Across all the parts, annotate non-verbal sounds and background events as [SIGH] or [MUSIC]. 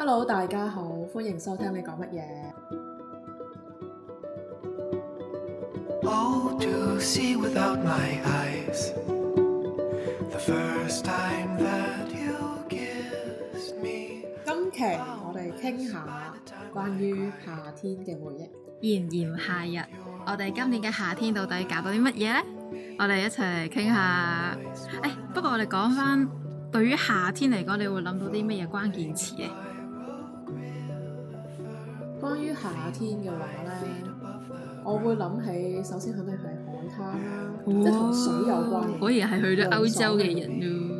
Hello，大家好，歡迎收聽你講乜嘢。今期我哋傾下關於夏天嘅回憶。炎炎夏日，我哋今年嘅夏天到底搞到啲乜嘢咧？我哋一齊嚟傾下。誒，不過我哋講翻，對於夏天嚟講，你會諗到啲乜嘢關鍵詞咧？夏天嘅話咧，我會諗起首先肯定係海灘啦，哇即係同水有關。果然係去咗歐洲嘅人咯，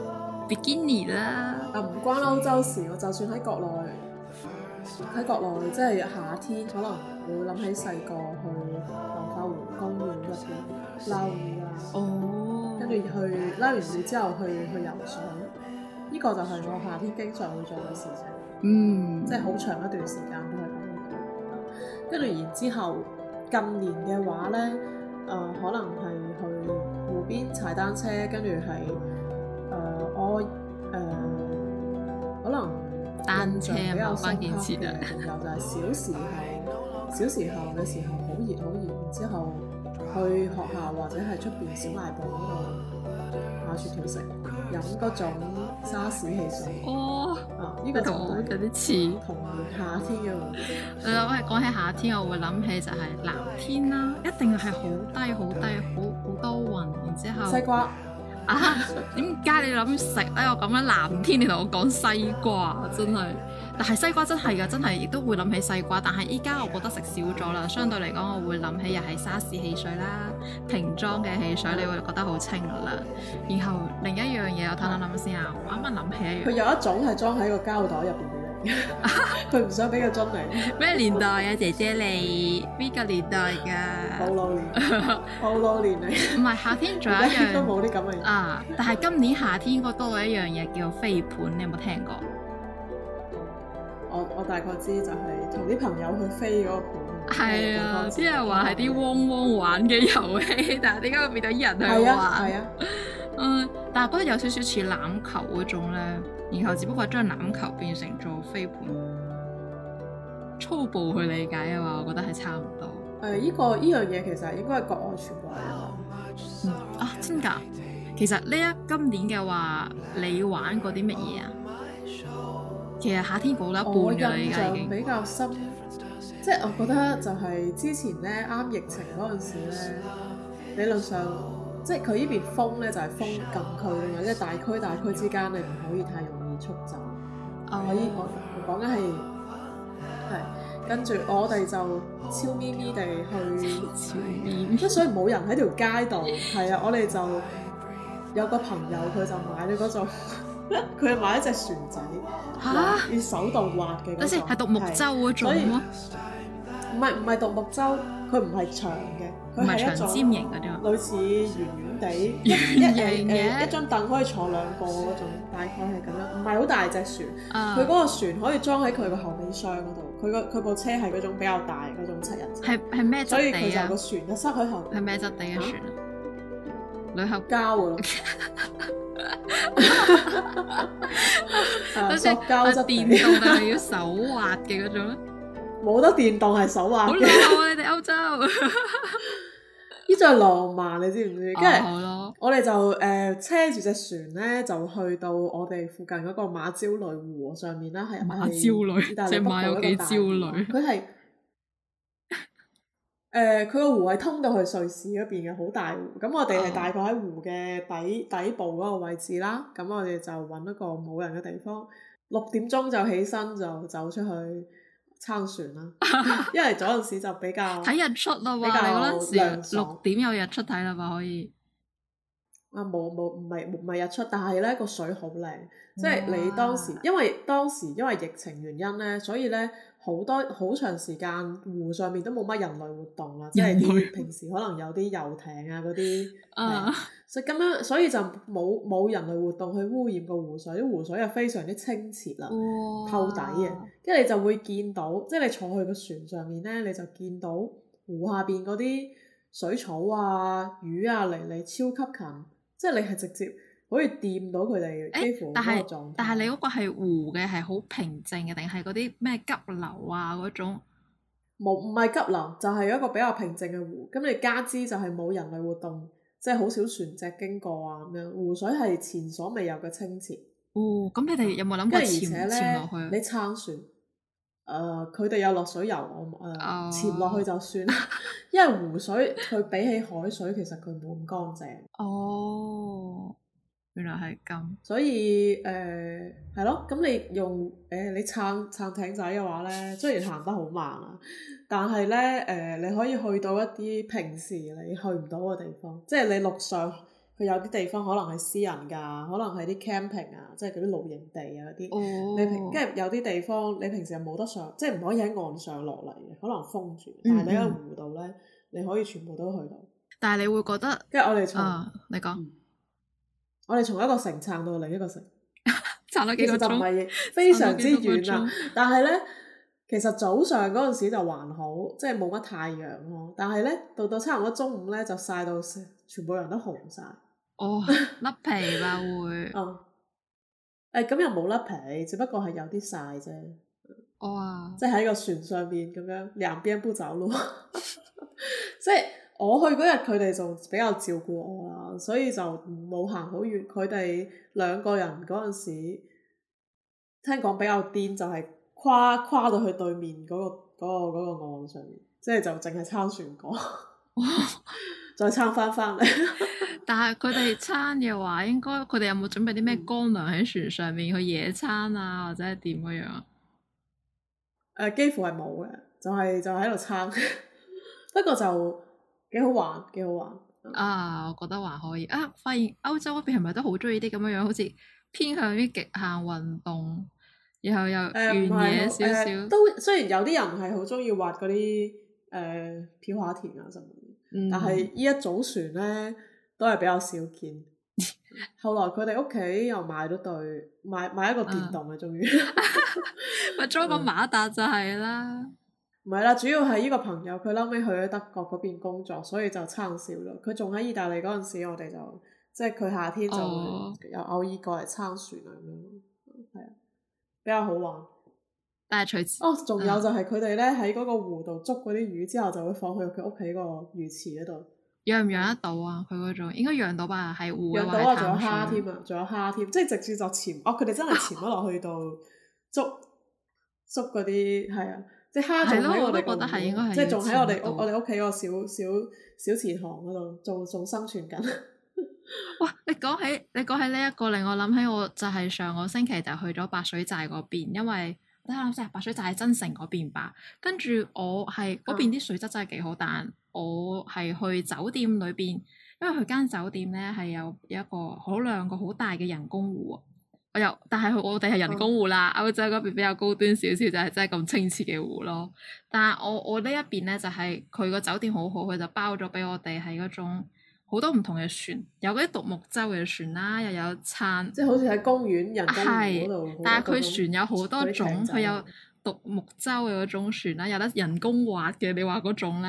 嗯、比基尼啦。啊，唔關歐洲事，我就算喺國內，喺國內即係夏天，可能我諗起細個去黃花湖公園入邊撈魚啦，哦、跟住去撈完魚之後去去游水，呢、呢個就係我夏天經常會做嘅事情。嗯，即係好長一段時間跟住然之後，近年嘅話咧，誒、呃、可能係去湖邊踩單車，跟住係誒我誒可能印象比較深刻嘅朋友就係小時候， [LAUGHS] 小時候嘅時候好熱好熱，然之後去學校或者係出邊小賣部嗰度。買雪條食，飲嗰種沙士汽水。哦，呢、啊、呢個同嗰啲似，同夏天嘅。我係講起夏天，我會諗起就係藍天啦，一定係好低好低，低瓜好好多雲，然之後。西瓜。啊 [LAUGHS] ，點解你諗食咧？我咁樣藍天，你同我講西瓜，真係。但係西瓜真係噶，真係亦都會諗起西瓜。但係依家我覺得食少咗啦，相對嚟講我會諗起又係沙士汽水啦，瓶裝嘅汽水你會覺得好清噶啦。然後另一樣嘢我睇下諗先啊，我啱啱諗起一樣。佢有一種係裝喺個膠袋入邊嘅，佢唔 [LAUGHS] 想俾個樽嚟。咩 [LAUGHS] 年代啊，姐姐你？邊個年代噶、啊？好多、哦、年，好、哦、多年嚟、啊。唔 [LAUGHS] 係 [LAUGHS] 夏天仲有一樣，都冇啲咁嘅嘢。 [LAUGHS] 啊！但係今年夏天應該多咗一樣嘢叫飛盤，你有冇聽過？我我大概知就係同啲朋友去飛嗰個盤，係啊，只係話係啲汪汪玩嘅遊戲， [LAUGHS] 但係點解會變到人去玩？係啊，啊 [LAUGHS] 嗯，但係不過有少少似欖球嗰種咧，然後只不過將欖球變成做飛盤，嗯、粗暴去理解嘅話，我覺得係差唔多。誒、嗯，依、這個依樣嘢其實應該係國外傳播。嚟、嗯、啊，真㗎？其實呢一今年嘅話，你玩過啲乜嘢啊？其實夏天冇得半嘅，我印象比較深，即係我覺得就係之前咧啱疫情嗰陣時咧，理論上即係佢呢邊封咧就係封禁區㗎嘛，即係、就是、大區大區之間你唔可以太容易出走。啊、oh.，依我講緊係係，跟住我哋就超咪咪地去，即係面所以冇人喺條街度。係 [LAUGHS] 啊，我哋就有個朋友佢就買咗嗰種。佢係買一隻船仔，要手動划嘅。嗱，先係獨木舟嗰種咯。唔係唔係獨木舟，佢唔係長嘅，佢係一種尖形嗰啲，類似圓圓地，一樣嘅。一張凳可以坐兩個嗰種，大概係咁樣，唔係好大隻船。佢嗰個船可以裝喺佢個後備箱嗰度。佢個佢部車係嗰種比較大嗰種七人。係係咩？所以佢就個船一塞喺後。係咩質地嘅船？鋁合膠嘅.塑、 [LAUGHS] uh, 膠質電動定係要手划嘅嗰種？冇 [LAUGHS] 得電動，係手划。好 [LAUGHS] 浪漫你哋歐洲，呢種係浪漫，你知唔知？跟住我哋就誒、呃，車住隻船咧，就去到我哋附近嗰個馬焦雷湖上面啦，係馬，馬焦雷，隻馬有幾焦雷，佢係。誒，佢個、呃、湖係通到去瑞士嗰邊嘅，好大湖。咁我哋係大概喺湖嘅底底部嗰個位置啦。咁我哋就揾一個冇人嘅地方，六點鐘就起身就走出去撐船啦。因為嗰陣時就比較睇 [LAUGHS] 較日出咯。但係嗰陣時六點有日出睇啦嘛，可以。啊，冇冇，唔係唔係日出，但係呢個水好靚，哇即係你當時，因為當時因為疫情原因呢，所以呢。好多好長時間湖上面都冇乜人類活動啦，即係類平時可能有啲遊艇啊嗰啲， [LAUGHS] 所以咁樣所以就冇冇人類活動去污染個湖水，湖水又非常之清澈啦，哇透底嘅，跟住你就會見到，即係你坐去個船上面咧，你就見到湖下邊嗰啲水草啊、魚啊離你超級近，即係你係直接。可以掂到佢哋，幾乎但係是到但係你嗰個係湖嘅，係好平靜嘅，定係嗰啲咩急流啊嗰種？冇，唔係急流，就係、是、有一個比較平靜嘅湖。咁你加之就係冇人類活動，即係好少船隻經過啊咁樣。湖水係前所未有嘅清澈。哦，咁你哋有冇諗過潛潛落去？你撐船，誒、呃，佢哋有落水游，我誒，潛、呃、落、哦、去就算。因為湖水佢比起海水，其實佢冇咁乾淨。哦。原來係咁，所以誒係咯，咁、呃、你用誒、呃、你撐撐艇仔嘅話咧，雖然行得好慢啊，但係咧誒你可以去到一啲平時你去唔到嘅地方，即係你陸上佢有啲地方可能係私人㗎，可能係啲 camping 啊，即係嗰啲露營地啊嗰啲，oh. 你平跟住有啲地方你平時又冇得上，即係唔可以喺岸上落嚟嘅，可能封住，mm hmm. 但係你喺個湖度咧你可以全部都去到。但係你會覺得，因為我哋從、oh, 你講。我哋從一個城，撐到另一個城，撐咗 [LAUGHS] 幾多集唔係非常之遠啦。 [LAUGHS] 但係咧，其實早上嗰陣時就還好，即係冇乜太陽咯。但係咧，到到差唔多中午咧就曬到全部人都紅晒，哦，甩 [LAUGHS] 皮吧會。誒、 [LAUGHS] 嗯，咁又冇甩皮，只不過係有啲曬啫。哇！即係喺個船上面咁樣兩邊鋪走路，即 [LAUGHS] 係。我去嗰日佢哋就比較照顧我啦，所以就冇行好遠。佢哋兩個人嗰陣時聽講比較癲，就係、是、跨跨到去對面嗰、那個嗰岸上面，即係就淨係撐船過， [LAUGHS] 再撐翻翻嚟。 [LAUGHS] 但係佢哋撐嘅話，應該佢哋有冇準備啲咩乾糧喺船上面去野餐啊，或者係點嘅樣？誒、呃，幾乎係冇嘅，就係、是、就喺度撐。 [LAUGHS] 不過就～幾好玩，幾好玩啊！我覺得還可以啊！發現歐洲嗰邊係咪都好中意啲咁樣樣，好似偏向於極限運動，然後又越、呃、野少、呃呃、雖然有啲人係好中意划嗰啲誒漂下田啊什麼，但係呢一組船咧都係比較少見。嗯、後來佢哋屋企又買咗對，買買一個電動嘅，終於咪裝個馬達就係啦。唔係啦，主要係依個朋友佢後尾去咗德國嗰邊工作，所以就撐少啦。佢仲喺意大利嗰陣時，我哋就即係佢夏天就會有偶爾過嚟撐船咁樣，係啊、哦，比較好玩。但係除此哦，仲有就係佢哋咧喺嗰個湖度捉嗰啲魚之後，就會放去佢屋企個魚池嗰度養唔養得到啊？佢嗰種應該養到吧？喺湖養到啊！仲有蝦添啊，仲有蝦添，即係直接就潛哦！佢哋真係潛咗落去度捉捉嗰啲係啊。即刻我都覺得係應該係，即係仲喺我哋我哋屋企個小小小池塘嗰度做做生存緊。 [LAUGHS] 哇！你講起你講起呢、這、一個，令我諗起，我就係上個星期就去咗白水寨嗰邊，因為我諗下白水寨喺增城嗰邊吧。跟住我係嗰邊啲水質真係幾好，啊、但我係去酒店裏邊，因為佢間酒店咧係有一個好兩個好大嘅人工湖。但係我哋係人工湖啦，哦、歐洲嗰邊比較高端少少，就係、是、真係咁清澈嘅湖咯。但係我我呢一邊咧，就係佢個酒店好好，佢就包咗俾我哋係嗰種好多唔同嘅船，有啲獨木舟嘅船啦，又有撐，即係好似喺公園人工但係佢船是有好多種，佢有，有獨木舟嘅嗰種船啦，有得人工划嘅，你話嗰種咧。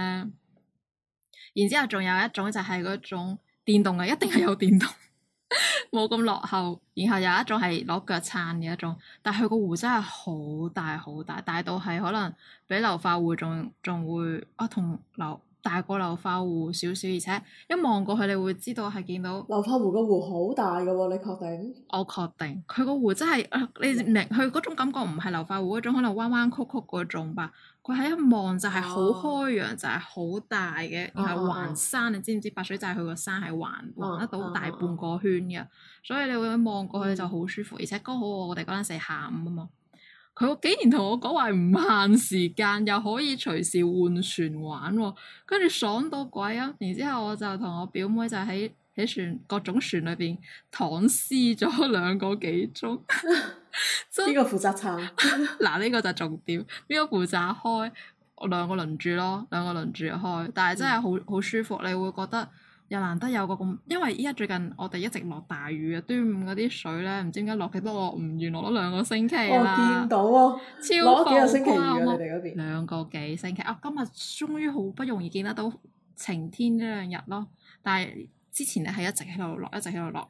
然之後仲有一種就係嗰種電動嘅，一定係有電動。 [LAUGHS] 冇咁 [LAUGHS] 落後，然後有一種係攞腳撐嘅一種，但係佢個湖真係好大好大，大到係可能比流花湖仲仲會啊，同流大過流花湖少少，而且一望過去你會知道係見到流花湖個湖好大噶喎。哦，你確定？我確定，佢個湖真係你明，佢嗰種感覺唔係流花湖嗰種，可能彎彎曲曲嗰種吧。佢喺一望就係好開揚，oh. 就係好大嘅，oh. 然後環山，你知唔知？白水寨佢個山係環環得到大半個圈嘅，oh. Oh. 所以你會一望過去就好舒服。Oh. 而且剛好我哋嗰陣時下午啊嘛，佢竟然同我講話唔限時間，又可以隨時換船玩，哦，跟住爽到鬼啊！然之後我就同我表妹就喺喺船各種船裏邊躺屍咗兩個幾鐘。 [LAUGHS] 呢個負責撐？嗱呢、 [LAUGHS] 呢個就重點。呢、呢個負責開？我兩個輪住咯，兩個輪住開。但係真係好好舒服，你會覺得又難得有個咁。因為依家最近我哋一直落大雨啊，端午嗰啲水咧唔知點解落嘅，幾多落，唔願落咗兩個星期我、哦、見到啊、哦，超幾星期。兩個幾星期啊！今日終於好不容易見得到晴天呢兩日咯。但係之前咧係一直喺度落，一直喺度落。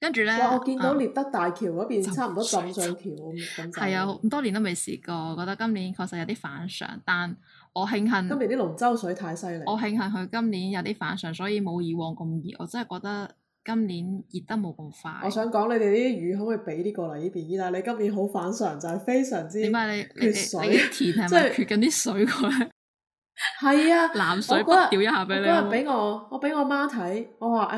跟住咧，我見到獵德大橋嗰邊差唔多浸上橋，咁就係啊，咁多年都未試過，我覺得今年確實有啲反常，但我慶幸今年啲龍舟水太犀利，我慶幸佢今年有啲反常，所以冇以往咁熱，我真係覺得今年熱得冇咁快。我想講，你哋啲雨可唔可以俾啲過嚟呢邊？依但你今年好反常，就係、是、非常之點解你你水你啲田係咪、就是、缺緊啲水過嚟？係啊，南水北調一下畀你。佢畀我,我,我，我畀我媽睇，我話誒，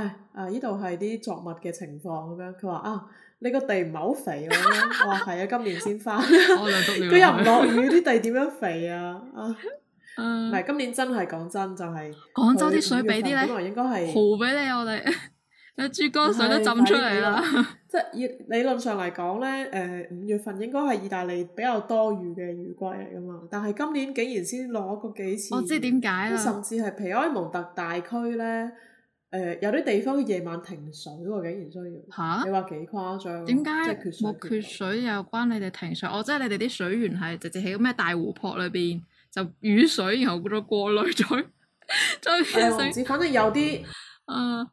啊呢度係啲作物嘅情況咁樣，佢話啊，你個地唔係好肥咁樣，我話係啊，今年先翻，佢 [LAUGHS] [LAUGHS] 又唔落雨，啲 [LAUGHS] 地點樣肥啊啊，唔係、嗯、今年真係講真就係、是，廣州啲水畀啲咧，應該係湖畀你我哋，啲 [LAUGHS] 珠江水都浸出嚟啦。即係理理論上嚟講咧，誒、呃、五月份應該係意大利比較多雨嘅雨季嚟噶嘛，但係今年竟然先攞過幾次，我知點解？甚至係皮埃蒙特大區咧，誒、呃、有啲地方夜晚停水喎，竟然需要嚇，啊、你話幾誇張？點解冇缺水又關你哋停水？我、oh，即係你哋啲水源係直接喺個咩大湖泊裏邊就雨水，然後再過濾再再係啊，只可能有啲嗯。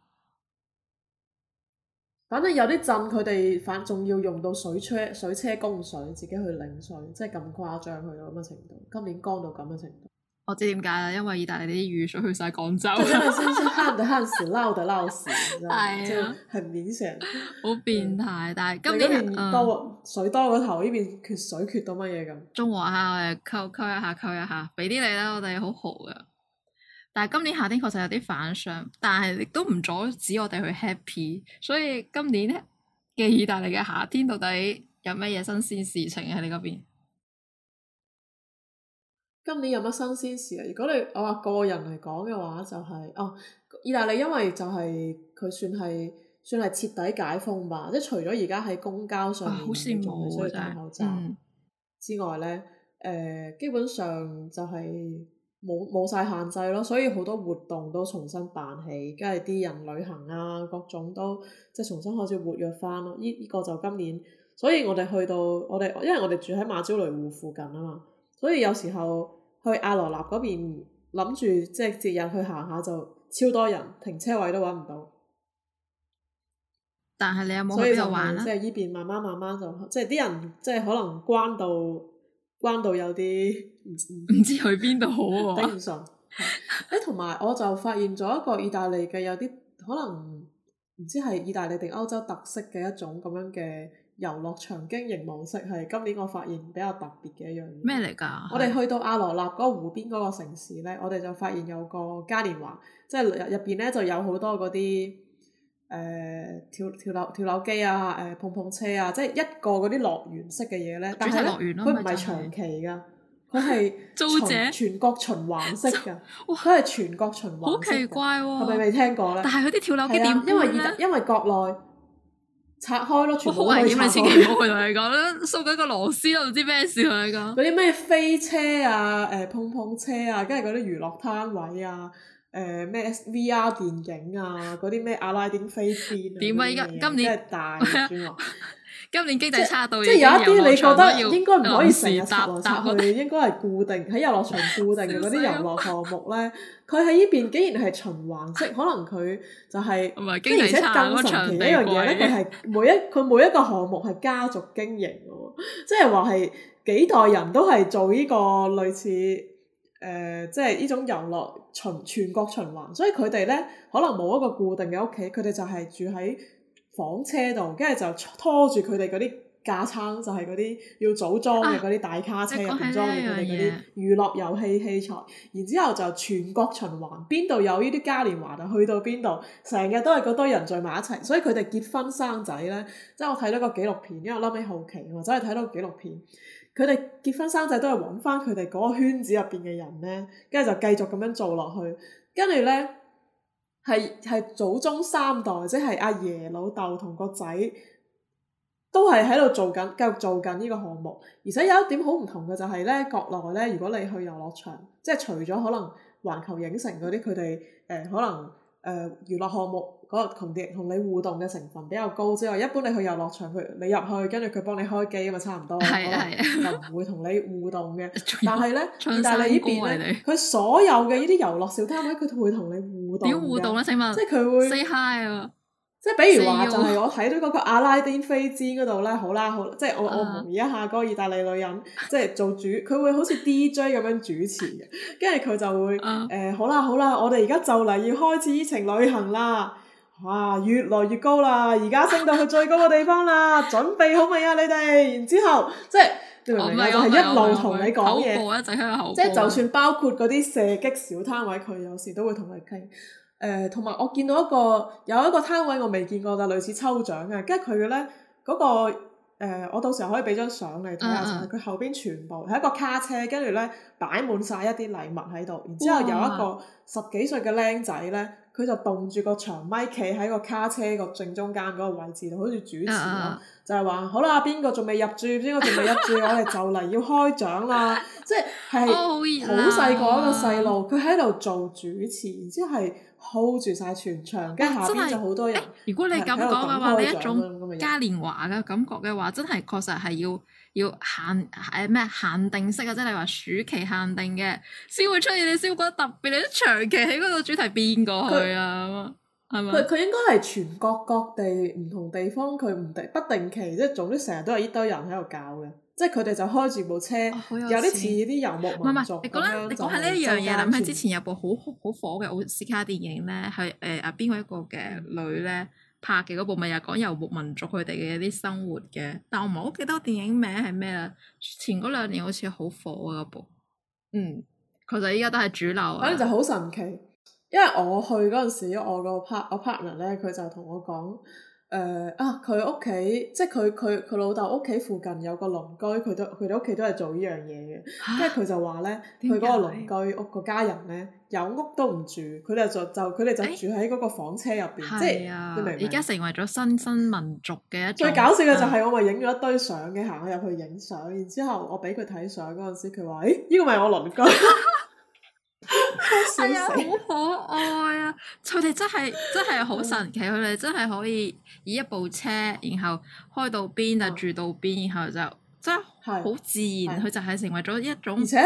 反正有啲鎮佢哋反仲要用到水車、水車供水，自己去領水，即係咁誇張，去到咁嘅程度。今年乾到咁嘅程度，我知點解啦，因為意大利啲雨水去晒廣州。 [LAUGHS] 真係旱得旱死，澇得澇死，你知道嗎？就很明顯， [LAUGHS] 對好變態。但係今年、嗯、水多過頭，呢邊缺水缺到乜嘢咁？中和下，我哋溝溝一下，溝一下，俾啲你啦，我哋好豪噶。但係今年夏天確實有啲反常，但係亦都唔阻止我哋去 happy。所以今年咧嘅意大利嘅夏天到底有咩嘢新鮮事情喺你嗰邊？今年有乜新鮮事啊？如果你我話個人嚟講嘅話，就係、是、哦，意大利因為就係、是、佢算係算係徹底解封吧，即係除咗而家喺公交上、啊、好少冇戴口罩、嗯、之外咧，誒、呃，基本上就係、是。冇冇曬限制咯，所以好多活動都重新辦起，跟住啲人旅行啊，各種都即係重新開始活躍翻咯。呢呢個就今年，所以我哋去到我哋，因為我哋住喺馬焦雷湖附近啊嘛，所以有時候去阿羅納嗰邊諗住即係節日去行下就超多人，停車位都揾唔到。但係你有冇去邊玩咧？即係呢邊慢慢慢慢就，即係啲人即係可能關到。關到有啲唔知， [LAUGHS] 知去邊度好啊！頂唔順。誒，同埋我就發現咗一個意大利嘅有啲可能唔知係意大利定歐洲特色嘅一種咁樣嘅遊樂場經營模式，係今年我發現比較特別嘅一樣嘢。咩嚟噶？我哋去到阿羅納嗰個湖邊嗰個城市咧，我哋就發現有個嘉年華，即係入入邊咧就有好多嗰啲。誒、呃，跳跳樓跳樓機啊，誒、呃、碰碰車啊，即係一個嗰啲樂園式嘅嘢咧，但係咧佢唔係長期噶佢係者，全國循環式噶佢係 [LAUGHS] 哇全國循環。好奇怪喎，啊，係咪未聽過咧？但係佢啲跳樓機點咧？因為而家因為國內拆開咯，全部都危險，你千祈唔好去同你講啦，鬆緊個螺絲都唔知咩事啦，依家嗰啲咩飛車啊，誒、呃、碰碰車啊，跟住嗰啲娛樂攤位啊。誒咩 VR 電影啊，嗰啲咩阿拉丁飛仙啊，即係大嘅主題。今年經濟差到要遊樂場都要。即係有一啲，你覺得應該唔可以成日插來插去，應該係固定喺遊樂場固定嘅嗰啲遊樂項目咧。佢喺呢邊竟然係循環式，可能佢就係。唔係，跟住而且更神奇一樣嘢咧，佢係每一佢每一個項目係家族經營嘅，即係話係幾代人都係做呢個類似誒，即係呢種遊樂。循全國循環，所以佢哋呢可能冇一個固定嘅屋企，佢哋就係住喺房車度，跟住就拖住佢哋嗰啲架撐，就係嗰啲要組裝嘅嗰啲大卡車入面裝住佢哋嗰啲娛樂遊戲器材，然之後就全國循環，邊度有呢啲嘉年華就去到邊度，成日都係咁多人聚埋一齊，所以佢哋結婚生仔呢，即係我睇到個紀錄片，因為我諗起好奇，我走去睇到個紀錄片。佢哋結婚生仔都係揾翻佢哋嗰個圈子入邊嘅人呢，跟住就繼續咁樣做落去，跟住呢，係係祖宗三代，即係阿爺老豆同個仔都係喺度做緊，繼續做緊呢個項目。而且有一點好唔同嘅就係呢，國內呢，如果你去遊樂場，即係除咗可能環球影城嗰啲，佢哋誒可能。誒娛樂項目嗰個同啲同你互動嘅成分比較高之外，之後一般你去遊樂場佢你入去，跟住佢幫你開機嘛，差唔多，唔是的 會同你互動嘅。 [LAUGHS] 有但係咧，意山大利呢邊咧，佢的所有嘅呢啲遊樂小攤位佢都會同你互動。點互動咧，請問？即係佢會 Say hi 啊！即係比如話，就係我睇到嗰個阿拉丁飛氈嗰度呢。好啦好，即、就、係、是、我我模擬一下嗰個意大利女人，即、就、係、是、做主，佢會好似 DJ 咁樣主持嘅，跟住佢就會誒、啊欸、好啦好啦，我哋而家就嚟要開始呢程旅行啦，哇，越來越高啦，而家升到去最高嘅地方啦， [LAUGHS] 準備好未啊你哋？然之後即係，你明唔明就係一路同你講嘢，即係、就是、就算包括嗰啲射擊小攤位，佢有時都會同你傾。誒，同埋、呃、我見到一個有一個攤位，我未見過，就類似抽獎嘅，跟住佢咧嗰個誒、呃，我到時候可以俾張相你睇下先，佢、嗯嗯、後邊全部係一個卡車，跟住咧擺滿晒一啲禮物喺度，然之後有一個十幾歲嘅僆仔咧。哇嗯佢就棟住個長咪企喺個卡車個正中間嗰個位置好似主持咯，就係話：好啦，邊個仲未入住？邊個仲未入住？我哋就嚟要開獎啦！即係係好細個一個細路，佢喺度做主持，然之後係 hold 住晒全場，跟住下邊就好多人。如果你咁講嘅話，呢一種嘉年華嘅感覺嘅話，真係確實係要。要限誒咩限，限定式嘅，即係你話暑期限定嘅，先會出現啲燒骨特別。你長期喺嗰度，主題變過去啊嘛，係嘛它？佢佢吧應該係全國各地唔同地方，佢唔定不定期，即係總之成日都有一堆人喺度搞嘅，即係佢哋就開住部車，哦、有啲似啲遊牧民族咁樣。唔係唔係，你講啦，你講下呢一樣嘢，諗起之前有部好好火嘅奧斯卡電影咧，係誒啊邊個一個嘅女咧？拍嘅嗰部咪又講遊牧民族佢哋嘅一啲生活嘅，但我唔係好記得電影名係咩啦。前嗰兩年好似好火啊嗰部，嗯，佢就依家都係主流。反正就好神奇，因為我去嗰陣時，我個 partner part 咧，佢就同我講。誒、呃、啊！佢屋企即係佢佢佢老豆屋企附近有個鄰居，佢都佢哋屋企都係做呢樣嘢嘅，啊、因為佢就話咧，佢嗰個鄰居屋個家人咧有屋都唔住，佢哋就就佢哋就，就住喺嗰個房車入邊，哎、即係、啊、你明唔明？而家成為咗新生民族嘅一，最搞笑嘅就係我咪影咗一堆相嘅，行去入去影相，然之後我俾佢睇相嗰陣時，佢話：誒、欸、呢、這個咪我鄰居。 [LAUGHS] 係啊，哎、 [LAUGHS] 好可愛啊！佢哋 [LAUGHS] 真係真係好神奇，佢哋 [LAUGHS] 真係可以以一部車，然後開到邊就住到邊，然後就、哦、真係。係好自然，佢的就係成為咗一種人。而且，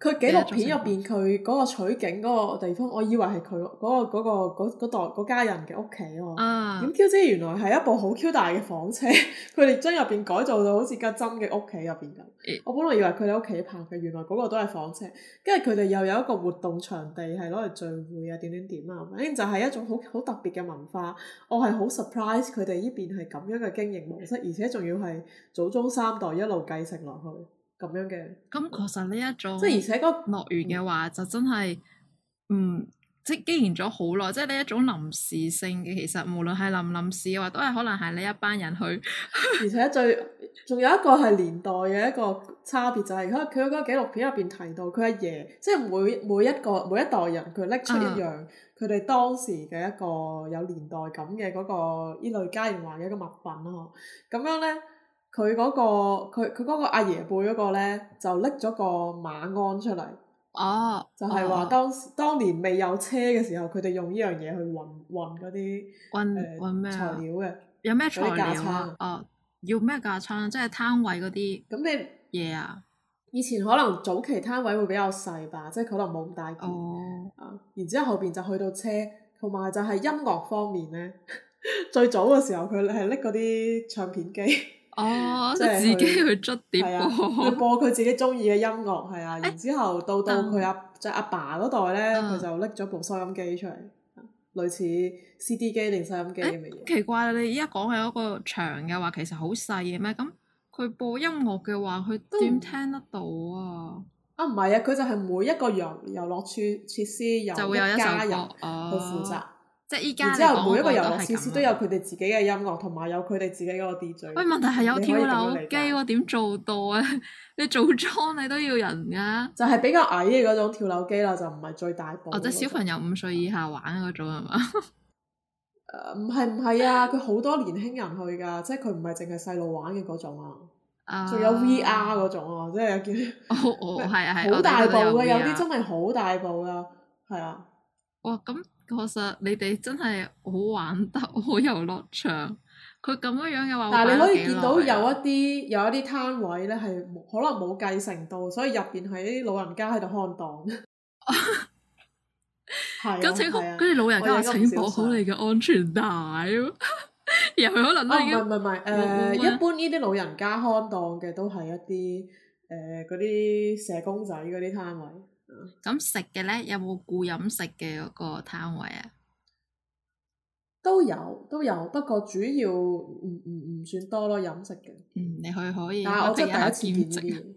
佢紀錄片入邊，佢嗰個取景嗰個地方，我以為係佢嗰個嗰、那個嗰代、那個那個那個、家人嘅屋企喎。點、啊、Q 知原來係一部好 Q 大嘅房車，佢哋將入邊改造到好似家真嘅屋企入邊咁。哎、我本來以為佢哋喺屋企拍嘅，原來嗰個都係房車。跟住佢哋又有一個活動場地，係攞嚟聚會啊、點點點啊。反正就係、是、一種好好特別嘅文化。我係好 surprise 佢哋呢邊係咁樣嘅經營模式，而且仲要係祖宗三代一路繼繼承落去咁樣嘅，咁確實呢一種，即係而且嗰樂園嘅話就真係，嗯，即係經營咗好耐，即係呢一種臨時性嘅。其實無論係臨唔臨時嘅話，都係可能係呢一班人去。而且最仲有一個係年代嘅一個差別，就係佢佢嗰個紀錄片入邊提到，佢阿爺，即係每每一個每一代人，佢拎出一樣，佢哋當時嘅一個有年代感嘅嗰個呢類嘉年華嘅一個物品咯。咁樣咧。佢嗰、嗰個佢佢嗰阿爺輩嗰個咧，就拎咗個馬鞍出嚟。哦、啊，就係話當、啊、當年未有車嘅時候，佢哋用呢樣嘢去運運嗰啲運、呃、運咩材料嘅有咩材料架撐啊？哦，要咩架撐？即係攤位嗰啲咁咩嘢啊？以前可能早期攤位會比較細吧，即、就、係、是、可能冇咁大件、哦、啊。然之後後邊就去到車，同埋就係音樂方面咧， [LAUGHS] 最早嘅時候佢係拎嗰啲唱片機。哦，即係自己去碟，係啊，佢 [LAUGHS] 播佢自己中意嘅音樂，係啊，欸、然之後到到佢阿即阿爸嗰代咧，佢、嗯、就拎咗部收音機出嚟，類似 CD 機定收音機咁嘅嘢。麼奇怪，你而家講起嗰個場嘅話，其實好細嘅咩？咁佢播音樂嘅話，佢都點聽得到啊？啊唔係啊，佢、啊、就係每一個遊遊樂設設施一就會有加入佢負責。啊啊即係依家，然之後每一個遊樂設施都有佢哋自己嘅音樂，同埋有佢哋自己嗰個 DJ。喂，問題係有跳樓機，我點做到啊？你做倉你都要人噶，就係比較矮嘅嗰種跳樓機啦，就唔係最大部。或者小朋友五歲以下玩嗰種係嘛？唔係唔係啊，佢好多年輕人去噶，即係佢唔係淨係細路玩嘅嗰種啊。仲有 VR 嗰種啊，即係有件，哦哦，係啊係啊，好大部嘅，有啲真係好大部噶，係啊。哇，咁。確實，你哋真係好玩得，好遊樂場。佢咁樣嘅話，但係你可以見到有一啲有一啲攤位咧，係可能冇繼承到，所以入邊係啲老人家喺度看檔。係 [LAUGHS] 啊，係 [LAUGHS] 況啊。我哋、啊、老人家，請先綁好你嘅安全帶。又 [LAUGHS] 可能都已經唔係唔係，誒、啊，嗯嗯、一般呢啲老人家看檔嘅都係一啲誒嗰啲社工仔嗰啲攤位。咁食嘅咧，有冇顧飲食嘅嗰個攤位啊？都有都有，不過主要唔唔唔算多咯，飲食嘅。嗯，你去可以。可以，但係我真係第一次見，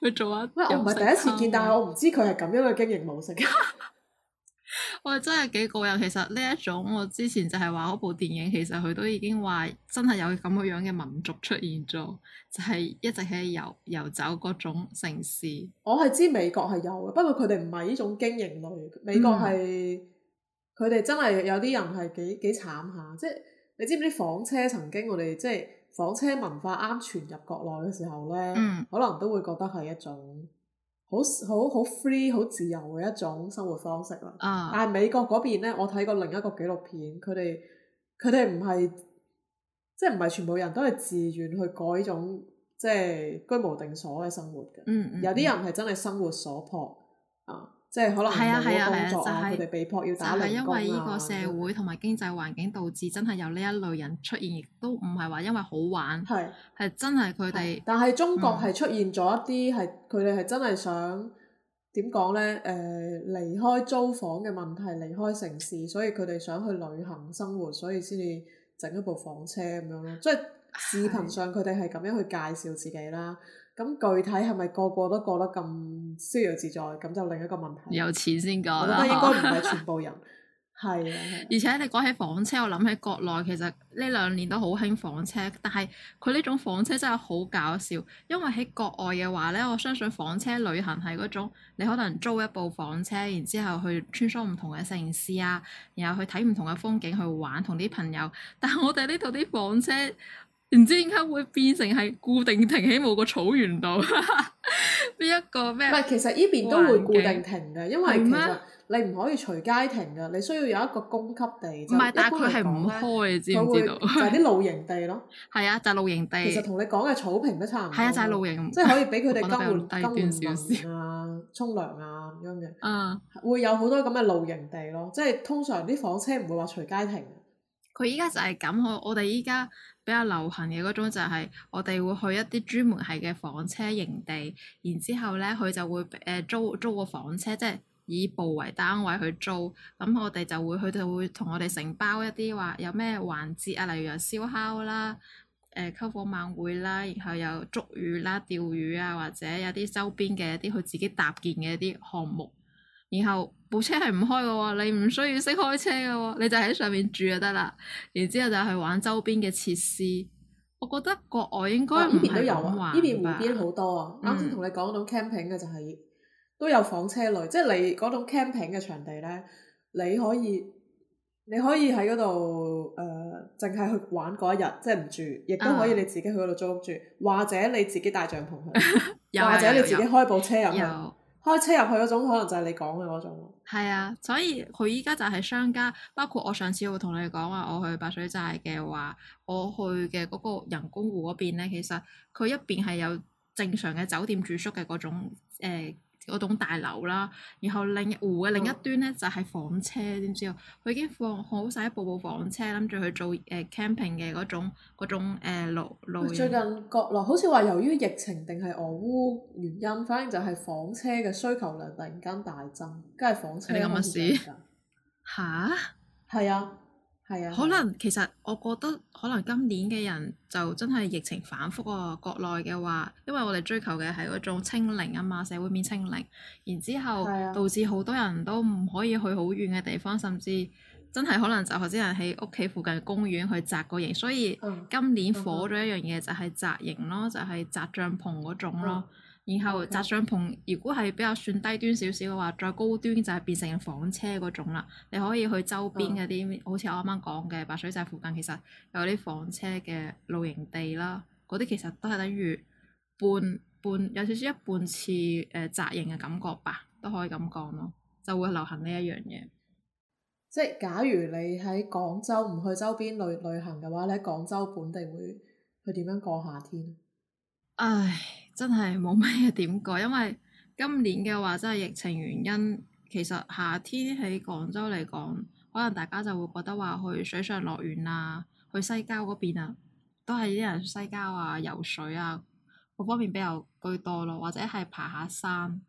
去做下。喂，我唔係第一次見，但係我唔知佢係咁樣嘅經營模式。 [LAUGHS] 我真係幾過癮，其實呢一種我之前就係話嗰部電影，其實佢都已經話真係有咁嘅樣嘅民族出現咗，就係、是、一直喺度遊遊走嗰種城市。我係知美國係有嘅，不過佢哋唔係呢種經營類，美國係佢哋真係有啲人係幾幾慘下，即係你知唔知房車曾經我哋即係房車文化啱傳入國內嘅時候咧，嗯、可能都會覺得係一種。好好好 free 好自由嘅一種生活方式啦，uh, 但係美國嗰邊咧，我睇過另一個紀錄片，佢哋佢哋唔係即係唔係全部人都係自願去改依種即係、就是、居無定所嘅生活嘅，uh, uh, uh, uh. 有啲人係真係生活所迫啊。Uh, 即係可能佢哋嗰個工作、啊，佢哋、啊啊啊就係、被迫要打零工係、啊、因為呢個社會同埋經濟環境導致，真係有呢一類人出現，亦都唔係話因為好玩。係係、啊、真係佢哋。但係中國係出現咗一啲係佢哋係真係想點講咧？誒、呃，離開租房嘅問題，離開城市，所以佢哋想去旅行生活，所以先至整一部房車咁樣咯。即係視頻上佢哋係咁樣去介紹自己啦。咁具體係咪個個都覺得咁逍遙自在？咁就另一個問題。有錢先講啦。我覺得應該唔係全部人。係啊。 [LAUGHS] 而且你講起房車，我諗起國內其實呢兩年都好興房車，但係佢呢種房車真係好搞笑，因為喺國外嘅話咧，我相信房車旅行係嗰種你可能租一部房車，然之後去穿梭唔同嘅城市啊，然後去睇唔同嘅風景去玩同啲朋友。但係我哋呢度啲房車。唔知點解會變成係固定停喺某個草原度？呢 [LAUGHS] 一個咩？唔係，其實呢邊都會固定停嘅，因為其實你唔可以隨街停嘅，你需要有一個供給地。唔、就、係、是，但係佢係唔開，知唔會知道？就係啲露營地咯。係啊，就係露營地。 [LAUGHS] 其實同你講嘅草坪都差唔多。係啊，就係、是、露營，即係、啊就是、可以畀佢哋篝火、篝火、 [LAUGHS] 淋啊、沖涼啊咁樣嘅。嗯，會有好多咁嘅露營地咯。即、就、係、是、通常啲房車唔會話隨街停。佢依家就係咁，我我哋依家。比較流行嘅嗰種就係我哋會去一啲專門係嘅房車營地，然之後咧佢就會誒租租個房車，即係以部為單位去租。咁我哋就會佢就會同我哋承包一啲話有咩環節啊，例如有燒烤啦、誒、呃、篝火晚會啦，然後有捉魚啦、釣魚啊，或者有啲周邊嘅一啲佢自己搭建嘅一啲項目。然後部車係唔開嘅喎，你唔需要識開車嘅喎，你就喺上面住就得啦。然之後就去玩周邊嘅設施。我覺得國外應該呢邊都有啊，呢邊湖邊好多啊。啱先同你講到 camping 嘅就係、是、都有房車類，即係你嗰種 camping 嘅場地咧，你可以你可以喺嗰度誒，淨、呃、係去玩嗰一日，即係唔住，亦都可以你自己去嗰度租屋住，啊、或者你自己帶帳篷去， [LAUGHS] 有或者你自己開部車入去。開車入去嗰種可能就係你講嘅嗰種，係啊，所以佢依家就係商家，包括我上次我同你講話、啊、我去白水寨嘅話，我去嘅嗰個人工湖嗰邊咧，其實佢一邊係有正常嘅酒店住宿嘅嗰種誒。呃嗰棟大樓啦，然後另一湖嘅另一端呢，哦、就係房車，知唔知道？佢已經放好晒一部部房車，諗住去做誒、呃、camping 嘅嗰種嗰種、呃、路。路最近國內好似話由於疫情定係俄烏原因，反正就係房車嘅需求量突然間大增，梗係房車。你咁嘅事吓？係哈啊。可能其實我覺得可能今年嘅人就真係疫情反覆啊、哦，國內嘅話，因為我哋追求嘅係嗰種清零啊嘛，社會面清零，然之後導致好多人都唔可以去好遠嘅地方，甚至真係可能就或者人喺屋企附近公園去紮個營，所以今年火咗一樣嘢就係紮營咯，就係紮帳篷嗰種咯。然後上棚，紮帳篷如果係比較算低端少少嘅話，再高端就係變成房車嗰種啦。你可以去周邊嗰啲，嗯、好似我啱啱講嘅白水寨附近，其實有啲房車嘅露營地啦。嗰啲其實都係等於半半有少少一半似誒、呃、紮營嘅感覺吧，都可以咁講咯。就會流行呢一樣嘢。即係假如你喺廣州唔去周邊旅旅行嘅話，你喺廣州本地會去點樣過夏天？唉。真係冇咩點改，因為今年嘅話真係疫情原因，其實夏天喺廣州嚟講，可能大家就會覺得話去水上樂園啊，去西郊嗰邊啊，都係啲人西郊啊游水啊，各方面比較居多咯，或者係爬下山。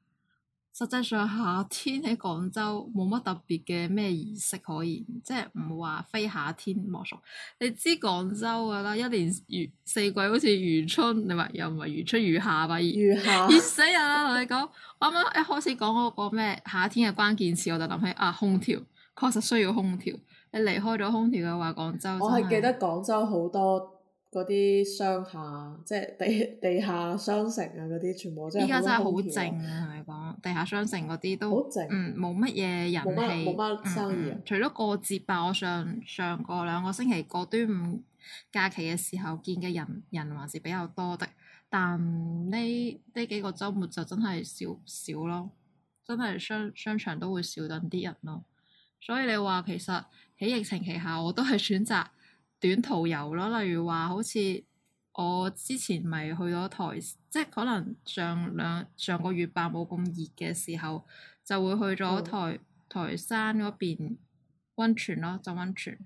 實際上夏天喺廣州冇乜特別嘅咩儀式可言，即係唔會話非夏天莫屬。你知廣州噶啦，一年如四季，好似如春，你話又唔係如春如夏吧？如夏下熱死人啦！同 [LAUGHS] 你講，我啱啱一開始講嗰、嗰個咩夏天嘅關鍵詞，我就諗起啊，空調確實需要空調。你離開咗空調嘅話，廣州我係記得廣州好多。嗰啲商廈，即係地地下商城啊，嗰啲全部而家真係好靜啊，係咪講地下商城嗰啲都好靜，嗯冇乜嘢人氣，冇乜生意啊？嗯、除咗過節吧，我上上個兩個星期過端午假期嘅時候見嘅人人還是比較多的，但呢呢幾個周末就真係少少咯，真係商商場都會少等啲人咯。所以你話其實喺疫情期下，我都係選擇。短途遊咯，例如話好似我之前咪去咗台，即係可能上兩上個月吧，冇咁熱嘅時候，就會去咗台、嗯、台山嗰邊溫泉咯，浸溫泉。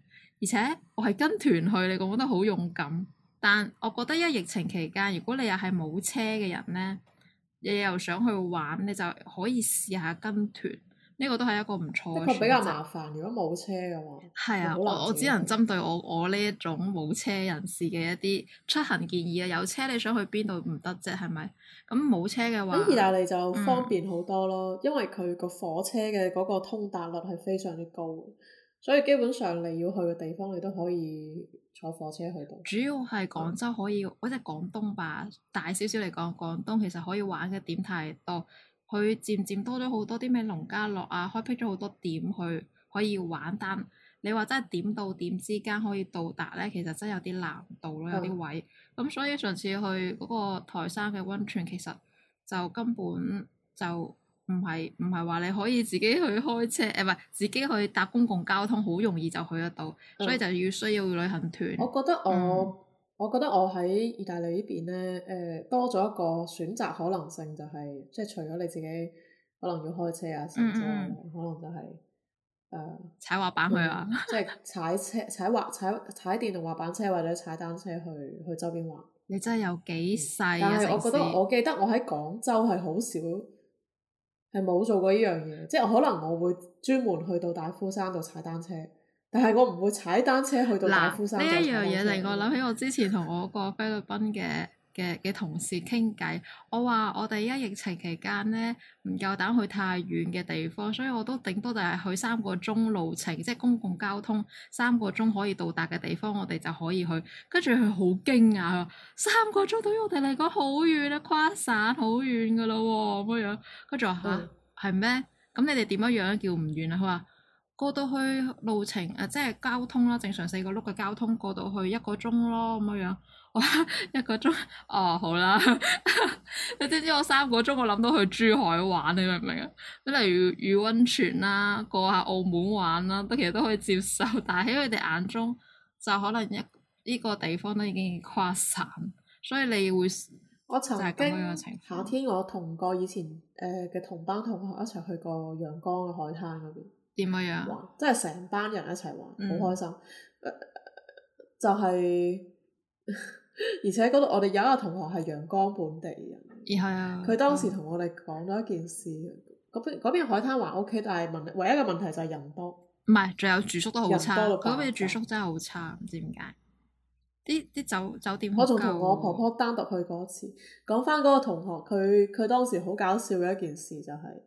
而且我係跟團去，你覺得好勇敢。但我覺得一疫情期間，如果你又係冇車嘅人咧，你又想去玩，你就可以試下跟團。呢個都係一個唔錯嘅選擇。比較麻煩，如果冇車嘅話。係啊，我，我只能針對我我呢一種冇車人士嘅一啲出行建議啊。有車你想去邊度唔得啫，係咪？咁、嗯、冇、嗯、車嘅話。喺意大利就方便好多咯，嗯、因為佢個火車嘅嗰個通達率係非常之高，所以基本上你要去嘅地方你都可以坐火車去到。主要係廣州可以，嗯、或者廣東吧，大少少嚟講，廣東其實可以玩嘅點太多。佢漸漸多咗好多啲咩農家樂啊，開闢咗好多點去可以玩，但你話真係點到點之間可以到達咧，其實真係有啲難度咯，有啲位。咁、嗯、所以上次去嗰個台山嘅溫泉，其實就根本就唔係唔係話你可以自己去開車，誒唔係自己去搭公共交通好容易就去得到，嗯、所以就要需要旅行團。我覺得我。嗯我覺得我喺意大利邊呢邊咧，誒、呃、多咗一個選擇可能性，就係，就係即係除咗你自己可能要開車啊、甚至、嗯嗯、可能就係誒踩滑板去啊， [LAUGHS] 即係踩車、踩滑、踩踩電動滑板車或者踩單車去去周邊玩。你真係有幾細、啊嗯、但係我覺得我，市我記得我喺廣州係好少係冇做過呢樣嘢，即係可能我會專門去到大夫山度踩單車。但係我唔會踩單車去到大夫山嗱喇，呢一樣嘢令我諗起我之前同我個菲律賓嘅嘅嘅同事傾偈，我話我哋而家疫情期間咧，唔夠膽去太遠嘅地方，所以我都頂多就係去三個鐘路程，即係公共交通三個鐘可以到達嘅地方，我哋就可以去。跟住佢好驚訝，三個鐘對於我哋嚟講好遠啊，跨省好遠噶咯喎咁樣。跟住話吓？係咩、嗯？咁你哋點樣樣叫唔遠啊？佢話。過到去路程啊，即係交通啦，正常四個轆嘅交通過到去一個鐘咯，咁樣，哇 [LAUGHS] 一個鐘，哦好啦， [LAUGHS] 你知唔知我三個鐘我諗到去珠海玩，你明唔明啊？你例如御温泉啦，過下澳門玩啦，啊，都其實都可以接受，但係喺佢哋眼中就可能一呢，這個地方都已經跨省，所以你會我曾就係咁樣嘅情況。夏天我同個以前誒嘅、呃、同班同學一齊去過陽江嘅海灘嗰邊。點樣樣玩？即係成班人一齊玩，好、嗯、開心。呃、就係、是、而且嗰度我哋有一個同學係陽江本地人，而係啊。佢當時同我哋講咗一件事，咁嗰邊海灘還 OK，但係問唯一嘅問題就係人多，唔係仲有住宿都好差。嗰邊住宿真係好差，唔知點解。啲啲酒酒店我仲同我婆婆單獨去過一次。講翻嗰個同學，佢佢當時好搞笑嘅一件事就係、是。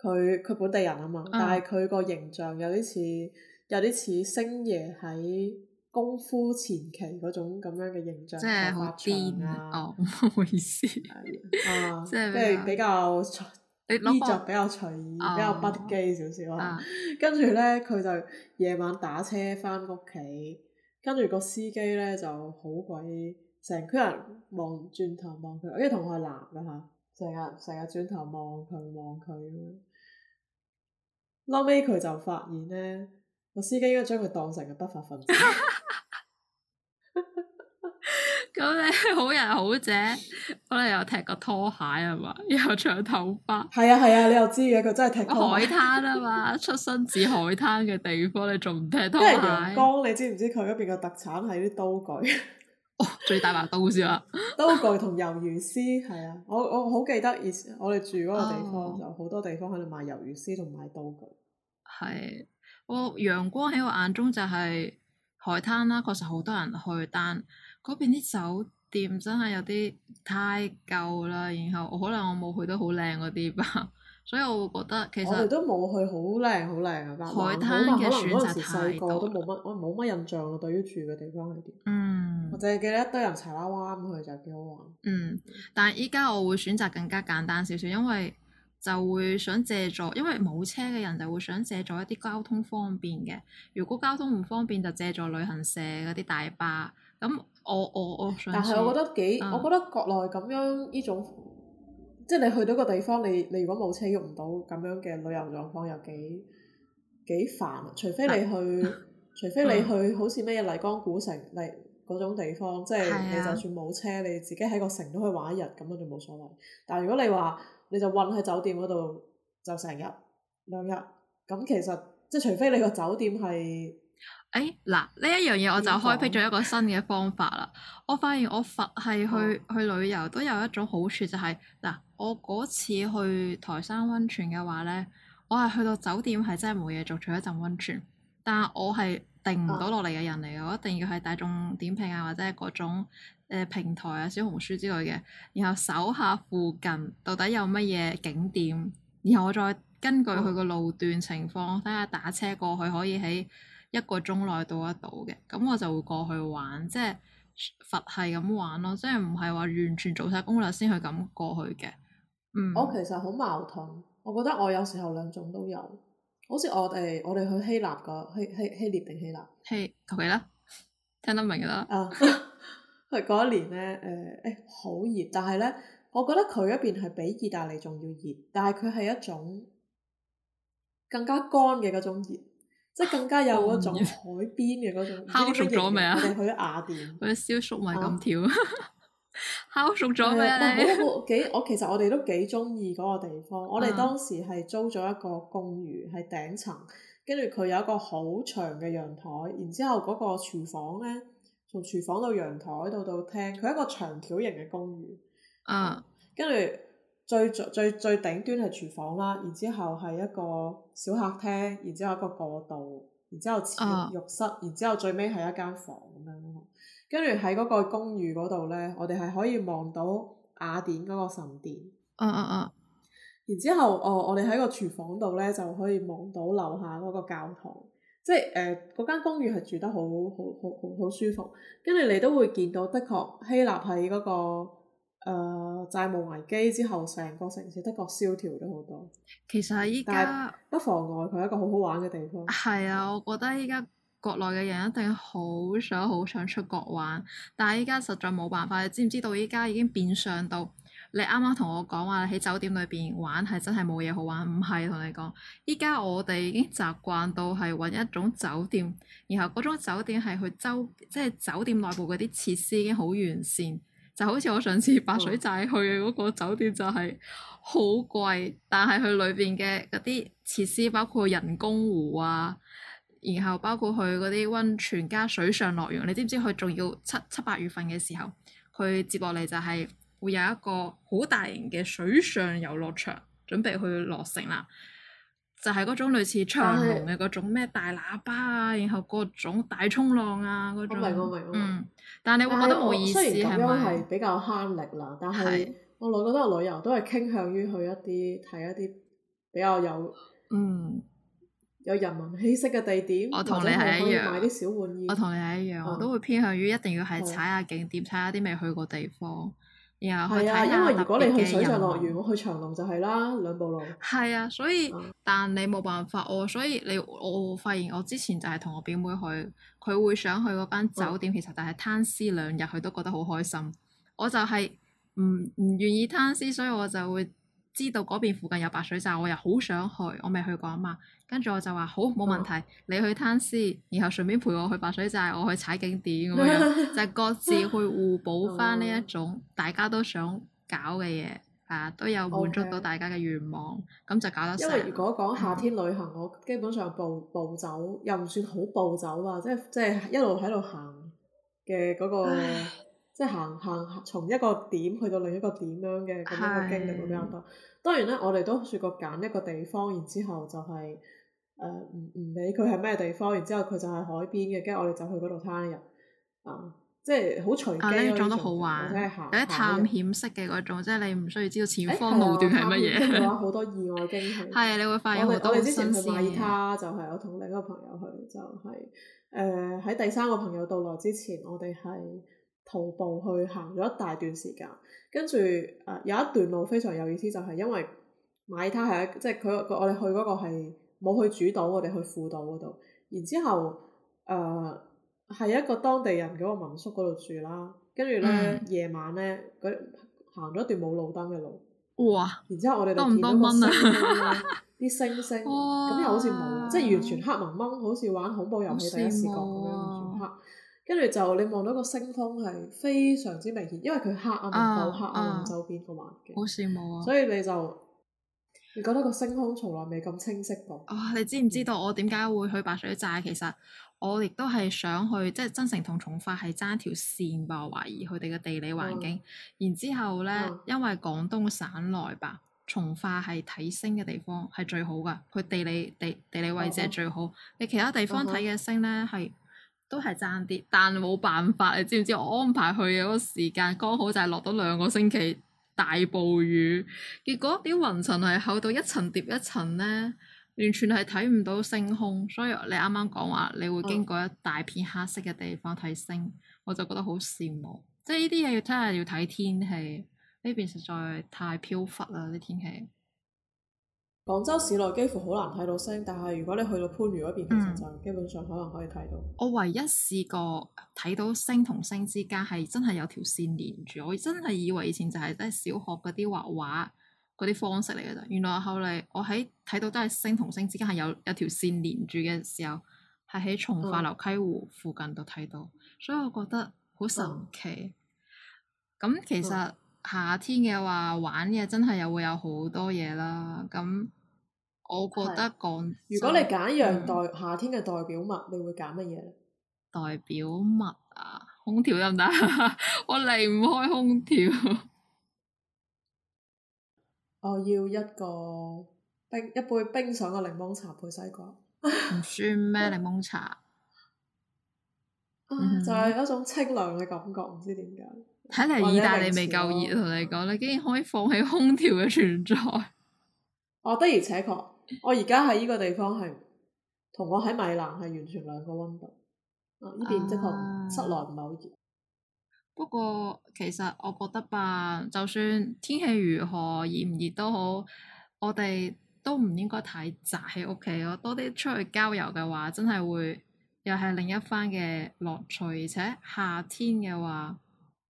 佢佢本地人啊嘛，但係佢個形象有啲似、啊、有啲似星爺喺功夫前期嗰種咁樣嘅形象，發長啊，哦、唔好意思，啊，即係比較，比較衣著比較隨意，啊、比較不羈少少，跟住咧佢就夜晚打車翻屋企，跟住個司機咧就好鬼成，佢人望轉頭望佢，因為同學係男嘅嚇，成日成日轉頭望佢望佢咁樣。後尾佢就發現咧，個司機應該將佢當成個不法分子。咁你好人好者，可能又踢個拖鞋係嘛？又長頭髮。係啊係啊，你又知嘅，佢真係踢過海灘啊嘛，出生自海灘嘅地方，你仲唔踢拖鞋？陽江，你知唔知佢嗰邊嘅特產係啲刀具？哦，最大把刀先啦。刀具同魷魚絲係啊！我我好記得以前我哋住嗰個地方，就好多地方喺度賣魷魚絲同賣刀具。係我陽光喺我眼中就係海灘啦，確實好多人去，但嗰邊啲酒店真係有啲太舊啦。然後我可能我冇去到好靚嗰啲吧，所以我會覺得其實我都冇去好靚好靚嘅。海灘嘅選擇太多都冇乜，我冇乜印象咯。對於住嘅地方係點？嗯，我凈係記得一堆人柴娃娃咁去就幾好玩。嗯，但係依家我會選擇更加簡單少少，因為。就會想借助，因為冇車嘅人就會想借助一啲交通方便嘅。如果交通唔方便，就借助旅行社嗰啲大巴。咁我我我，我我但係我覺得幾，嗯、我覺得國內咁樣呢種，即係你去到個地方，你你如果冇車用唔到咁樣嘅旅遊狀況，又幾幾煩。除非你去，啊、除非你去好似咩嘢麗江古城、麗嗰種地方，即係你就算冇車，你自己喺個城都可以玩一日，咁樣就冇所謂。但係如果你話，你就韞喺酒店嗰度就成日兩日，咁其實即係除非你個酒店係，誒嗱呢一樣嘢我就開闢咗一個新嘅方法啦。我發現我佛係去、嗯、去旅遊都有一種好處，就係、是、嗱我嗰次去台山温泉嘅話咧，我係去到酒店係真係冇嘢做，除咗浸温泉，但係我係定唔到落嚟嘅人嚟㗎，嗯、我一定要係大眾點評啊或者係嗰種。誒，平台啊，小紅書之類嘅，然後搜下附近到底有乜嘢景點，然後我再根據佢個路段情況，睇、嗯、下打車過去可以喺一個鐘內到得到嘅，咁我就會過去玩，即係佛系咁玩咯，即係唔係話完全做晒攻略先去咁過去嘅。嗯，我其實好矛盾，我覺得我有時候兩種都有，好似我哋我哋去希臘個希希希臘定希臘，希，求其啦？聽得明啦？啊。Uh. [LAUGHS] 佢嗰一年咧，誒、呃，誒、欸，好熱，但係咧，我覺得佢嗰邊係比意大利仲要熱，但係佢係一種更加乾嘅嗰種熱，即係更加有嗰種海邊嘅嗰種。烤、呃、熟咗未啊？我哋去咗雅典，佢燒熟埋咁跳，烤熟咗未？我、呃、幾，我、呃、其實我哋都幾中意嗰個地方。 [LAUGHS] 我哋當時係租咗一個公寓，係頂層，跟住佢有一個好長嘅陽台，然之後嗰個廚房咧。從廚房到陽台到到廳，佢係一個長條型嘅公寓。啊、嗯！跟住最最最最頂端係廚房啦，然之後係一個小客廳，然之後一個過道，然之後前浴室，啊、然之後最尾係一間房咁樣。跟住喺嗰個公寓嗰度咧，我哋係可以望到雅典嗰個神殿。啊啊啊！然之後，哦，我哋喺個廚房度咧就可以望到樓下嗰個教堂。即係誒，嗰、呃、間公寓係住得好好好好好，好舒服，跟住你都會見到，的確希臘喺嗰、那個誒債、呃、務危機之後，成個城市的確蕭條咗好多。其實依家不妨礙佢係一個好好玩嘅地方。係、嗯、啊，我覺得依家國內嘅人一定好想好想出國玩，但係依家實在冇辦法。你知唔知道依家已經變相到？你啱啱同我講話喺酒店裏邊玩係真係冇嘢好玩，唔係同你講，依家我哋已經習慣到係揾一種酒店，然後嗰種酒店係去周，即係酒店內部嗰啲設施已經好完善，就好似我上次白水寨去嘅嗰個酒店就係好貴，但係佢裏邊嘅嗰啲設施包括人工湖啊，然後包括佢嗰啲溫泉加水上樂園，你知唔知佢仲要七七八月份嘅時候，佢接落嚟就係、是。會有一個好大型嘅水上遊樂場，準備去落成啦。就係、是、嗰種類似長隆嘅嗰種咩大喇叭啊，然後各種大沖浪啊嗰、啊、嗯，但，是但你會覺得冇意思係咪？係比較慳力啦。吧但係我覺得旅遊都係傾向於去一啲睇一啲比較有嗯有人文氣息嘅地點。我同你係一樣。買啲小玩意。一我同你係一樣，嗯、我都會偏向於一定要係踩下景點，踩下啲未去過地方。係啊，因為如果你別去水上樂園，我務去長隆就係啦，兩步路。係啊，所以、嗯、但你冇辦法喎，所以你我，我發現我之前就係同我表妹去，佢會想去嗰班酒店，哦、其實就係攤屍兩日佢都覺得好開心，我就係唔唔願意攤屍，所以我就會。知道嗰邊附近有白水寨，我又好想去，我未去過啊嘛。跟住我就話好冇問題，你去攤屍，然後順便陪我去白水寨，我去踩景點咁樣，就各自去互補翻呢一種大家都想搞嘅嘢，啊都有滿足到大家嘅願望，咁就搞得曬。因為如果講夏天旅行，我基本上步步走，又唔算好步走啊，即係即係一路喺度行嘅嗰個，即係行行從一個點去到另一個點樣嘅咁樣嘅經歷會比較多。當然咧，我哋都說過揀一個地方，然之後就係誒唔唔理佢係咩地方，然之後佢就係海邊嘅，跟住我哋就去嗰度攤入啊，即係好隨機嗰種，有啲、啊、探險式嘅嗰種，即係你唔需要知道前方、欸嗯、路段係乜嘢。誒、啊，探好 [LAUGHS] 多意外驚喜。係啊， [LAUGHS] [LAUGHS] 你會發現我們。我哋多我之前去馬爾他就係、係啊、我同另一個朋友去，就係誒喺第三個朋友到來之前，我哋係。徒步去行咗一大段時間，跟住誒有一段路非常有意思，就係、是、因為馬焦雷係一個即係佢我哋去嗰個係冇去主島，我哋去副島嗰度，然之後誒係、呃、一個當地人嗰個民宿嗰度住啦，跟住咧夜晚咧佢行咗一段冇路燈嘅路，哇！然之後我哋就見到個星、， [LAUGHS] 啊、星星，啲星星咁又好似冇，即係完全黑濛濛，好似玩恐怖遊戲第一視角咁樣。跟住就你望到個星空係非常之明顯，因為佢黑暗，唔、啊、黑暗周邊個環境啊！好羨慕，所以你就你覺得個星空從來未咁清晰過啊！你知唔知道我點解會去白水寨？其實我亦都係想去，即係增城同從化係爭條線噃，我懷疑佢哋嘅地理環境。啊、然之後咧，啊、因為廣東省內吧，從化係睇星嘅地方係最好噶，佢地理地地理位置係最好。啊、你其他地方睇嘅星咧係。都係爭啲，但冇辦法，你知唔知我安排去嗰個時間，剛好就係落咗兩個星期大暴雨，結果啲雲層係厚到一層疊一層咧，完全係睇唔到星空。所以你啱啱講話，你會經過一大片黑色嘅地方睇星，我就覺得好羨慕。即係呢啲嘢要睇，係要睇天氣，呢邊實在太飄忽啦啲天氣。廣州市內幾乎好難睇到星，但係如果你去到番禺嗰邊，嗯、其實就基本上可能可以睇到。我唯一試過睇到星同星之間係真係有條線連住，我真係以為以前就係即係小學嗰啲畫畫嗰啲方式嚟嘅啫。原來後嚟我喺睇到都係星同星之間係有有條線連住嘅時候，係喺從化流溪湖附近度睇到，嗯、所以我覺得好神奇。咁、嗯、其實夏天嘅話玩嘢真係又會有好多嘢啦，咁～我覺得講，如果你揀一樣代、嗯、夏天嘅代表物，你會揀乜嘢咧？代表物啊，空調得唔得？ [LAUGHS] 我離唔開空調。我要一個冰一杯冰爽嘅檸檬茶配西瓜，唔酸咩？檸檬茶 [LAUGHS] 啊、就係、是、一種清涼嘅感覺，唔知點解。睇嚟意大利未夠熱，同你講你，你竟然可，可以放棄空調嘅存在。哦，的而且確。我而家喺依個地方係同我喺米蘭係完全兩個溫度。呢、啊、依邊即係室內唔係好熱。Uh, 不過其實我覺得吧，就算天氣如何熱唔熱都好，我哋都唔應該太宅喺屋企咯。多啲出去郊遊嘅話，真係會又係另一番嘅樂趣。而且夏天嘅話，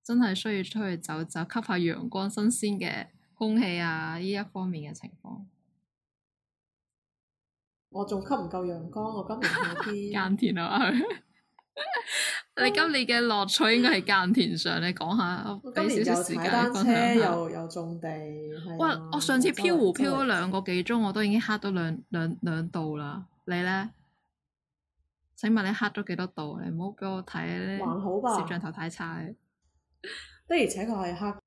真係需要出去走走，吸下陽光、新鮮嘅空氣啊！呢一方面嘅情況。我仲吸唔夠陽光，我今年有啲耕田啊，佢。 [LAUGHS] 你今年嘅樂趣應該係耕田上，你講下畀少少時間分享下。今年又踩單車又種地。哇！我上次漂湖漂咗兩個幾鐘，我都已經黑咗兩兩兩度啦。你呢？請問你黑咗幾多度？你唔好畀我睇咧。你還好吧。攝像頭太差嘅。的而且確係黑。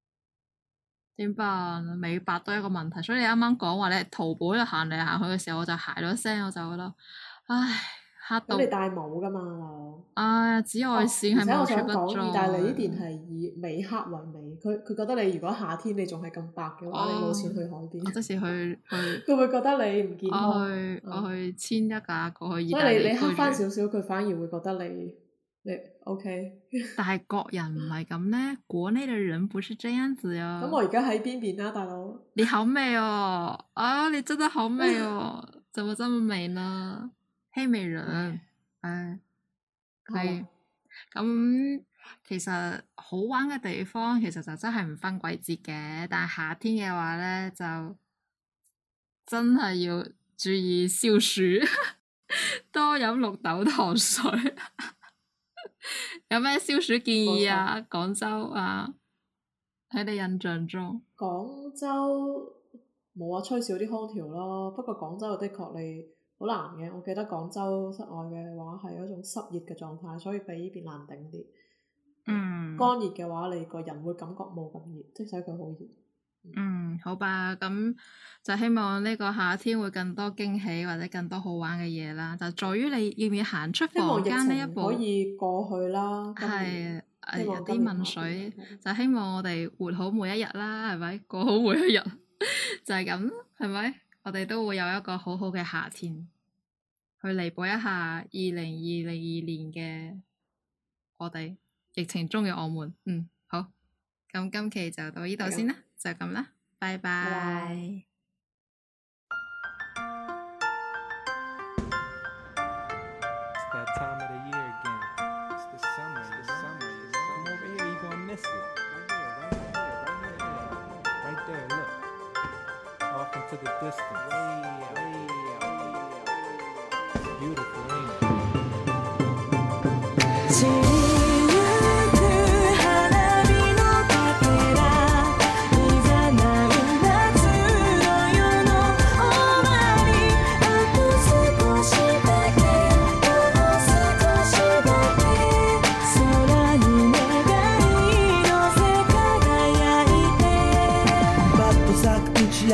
點辦？美白都係一個問題，所以你啱啱講話你喺淘寶度行嚟行去嘅時候，我就鞋咗聲，我就覺得：唉，黑到。你戴帽噶嘛？唉、啊，紫外綫係出不、啊不，出不啊。我想講，意大利呢邊係以美黑為美，佢佢覺得你如果夏天你仲係咁白嘅話，你冇錢去海邊。即使去去。佢 [LAUGHS] 會，會覺得你唔健康，我去我去簽一啊，去一架過去意大利你。你黑翻少少，佢反而會覺得你。你 OK， [LAUGHS] 但係國人唔係咁咧，國內的人不是這樣子啊。咁我而家喺邊邊啊？大佬。你好美哦！啊，你真係好美哦！ [LAUGHS] 怎麼這麼美呢？黑美人，唉，係。咁其實好玩嘅地方其實就真係唔分季節嘅，但係夏天嘅話咧就真係要注意消暑， [LAUGHS] 多飲綠豆糖水。 [LAUGHS] [LAUGHS] 有咩消暑建議啊？錯廣州啊，喺你印象中？廣州冇啊，吹少啲空調咯。不過廣州的確你好難嘅，我記得廣州室外嘅話係一種濕熱嘅狀態，所以比呢邊難頂啲。嗯。乾熱嘅話，你個人會感覺冇咁熱，即使佢好熱。嗯，好吧，咁就希望呢個夏天會更多驚喜或者更多好玩嘅嘢啦。就在於你要唔要行出房間呢一步，一步可以過去啦。係，有啲問水，的就希望我哋活好每一日啦，係咪？過好每一日， [LAUGHS] 就係咁，係咪？我哋都會有一個好好嘅夏天，去彌補一下二零二零二年嘅我哋疫情中嘅我們。嗯，好，咁今期就到呢度的先啦。就咁啦，拜拜，so。